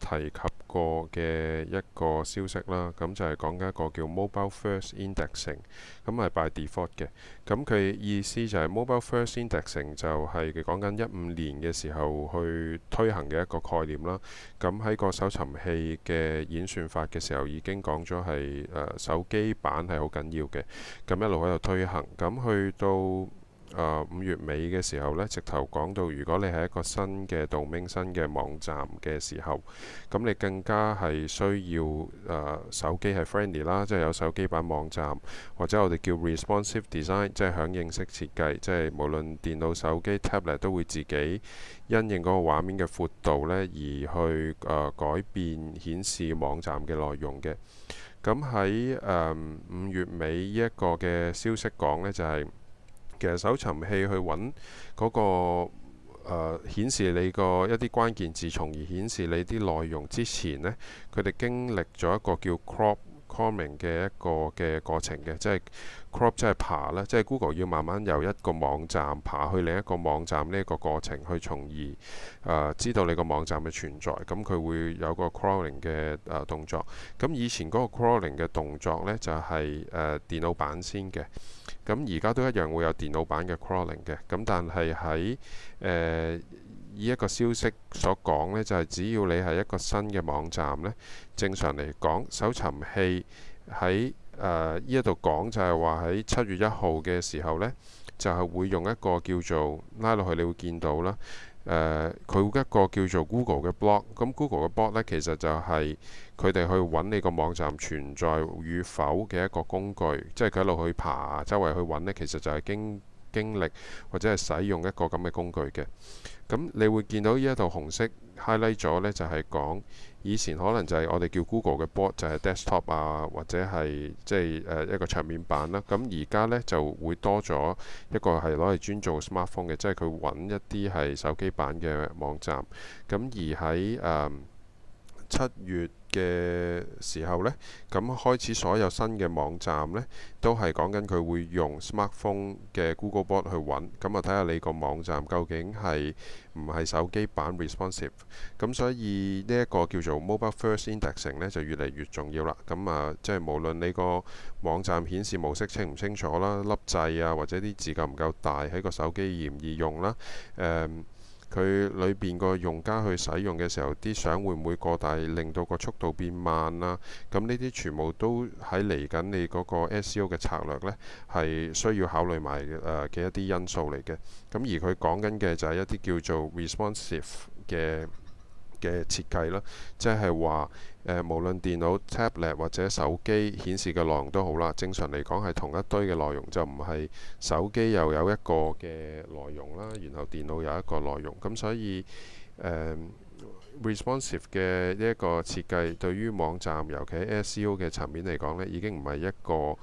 提及過嘅一個消息啦，咁就係講緊一個叫 Mobile First Indexing，咁係 by default 嘅。咁佢意思就係 Mobile First Indexing 就係佢講緊一五年嘅時候去推行嘅一個概念啦。咁喺個搜尋器嘅演算法嘅時候已經講咗係誒手機版係好緊要嘅。咁一路喺度推行，咁去到。呃、五月尾嘅時候呢，直頭講到，如果你係一個新嘅 domain，新嘅網站嘅時候，咁你更加係需要誒、呃、手機係 friendly 啦，即係有手機版網站，或者我哋叫 responsive design，即係響應式設計，即係無論電腦、手機、tablet 都會自己因應嗰個畫面嘅闊度呢，而去、呃、改變顯示網站嘅內容嘅。咁喺五月尾呢一個嘅消息講呢，就係、是。其實搜尋器去揾嗰、那個誒、呃、顯示你個一啲關鍵字，從而顯示你啲內容之前呢，佢哋經歷咗一個叫 crawl crawling 嘅一個嘅過程嘅，即係 crawl 即係爬啦，即係 Google 要慢慢由一個網站爬，爬去另一個網站呢一個過程，去從而誒、呃、知道你個網站嘅存在。咁、嗯、佢會有個 crawling 嘅誒、呃、動作。咁、嗯、以前嗰個 crawling 嘅動作呢，就係、是、誒、呃、電腦版先嘅。咁而家都一樣會有電腦版嘅 crawling 嘅，咁但係喺誒呢一個消息所講呢，就係只要你係一個新嘅網站呢，正常嚟講，搜尋器喺誒呢一度講就係話喺七月一號嘅時候呢，就係會用一個叫做拉落去，你會見到啦。誒，佢、呃、一個叫做 Google 嘅 blog，咁 Google 嘅 blog 呢，其實就係佢哋去揾你個網站存在與否嘅一個工具，即係佢一路去爬周圍去揾呢，其實就係經經歷或者係使用一個咁嘅工具嘅。咁你會見到呢一套紅色。Highlight 咗呢就係講以前可能就係我哋叫 Google 嘅 board 就係 desktop 啊或者係即係誒一個桌面版啦，咁而家呢就會多咗一個係攞嚟專做 smartphone 嘅，即係佢揾一啲係手機版嘅網站，咁而喺誒。Um, 七月嘅時候呢，咁開始所有新嘅網站呢，都係講緊佢會用 smartphone 嘅 Googlebot 去揾。咁啊睇下你個網站究竟係唔係手機版 responsive，咁所以呢一個叫做 Mobile First Indexing 呢就越嚟越重要啦。咁啊，即係無論你個網站顯示模式清唔清楚啦，粒掣啊，或者啲字夠唔夠大，喺個手機易唔易用啦，嗯佢裏邊個用家去使用嘅時候，啲相會唔會過大，令到個速度變慢啦，啊？咁呢啲全部都喺嚟緊你嗰個 SEO 嘅策略呢，係需要考慮埋嘅，呃、一啲因素嚟嘅。咁而佢講緊嘅就係一啲叫做 responsive 嘅。嘅設計啦，即係話誒，無論電腦、tablet 或者手機顯示嘅內容都好啦。正常嚟講係同一堆嘅內容，就唔係手機又有一個嘅內容啦，然後電腦有一個內容咁，所以誒。呃 Responsive 嘅一個設計對於網站，尤其喺 SEO 嘅層面嚟講呢，已經唔係一個誒、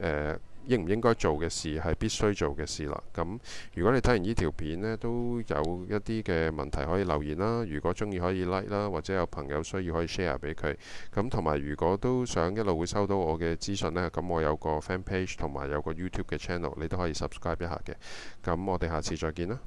呃、應唔應該做嘅事，係必須做嘅事啦。咁如果你睇完呢條片呢，都有一啲嘅問題可以留言啦。如果鍾意可以 like 啦，或者有朋友需要可以 share 俾佢。咁同埋如果都想一路會收到我嘅資訊呢，咁我有個 fan page 同埋有個 YouTube 嘅 channel，你都可以 subscribe 一下嘅。咁我哋下次再見啦。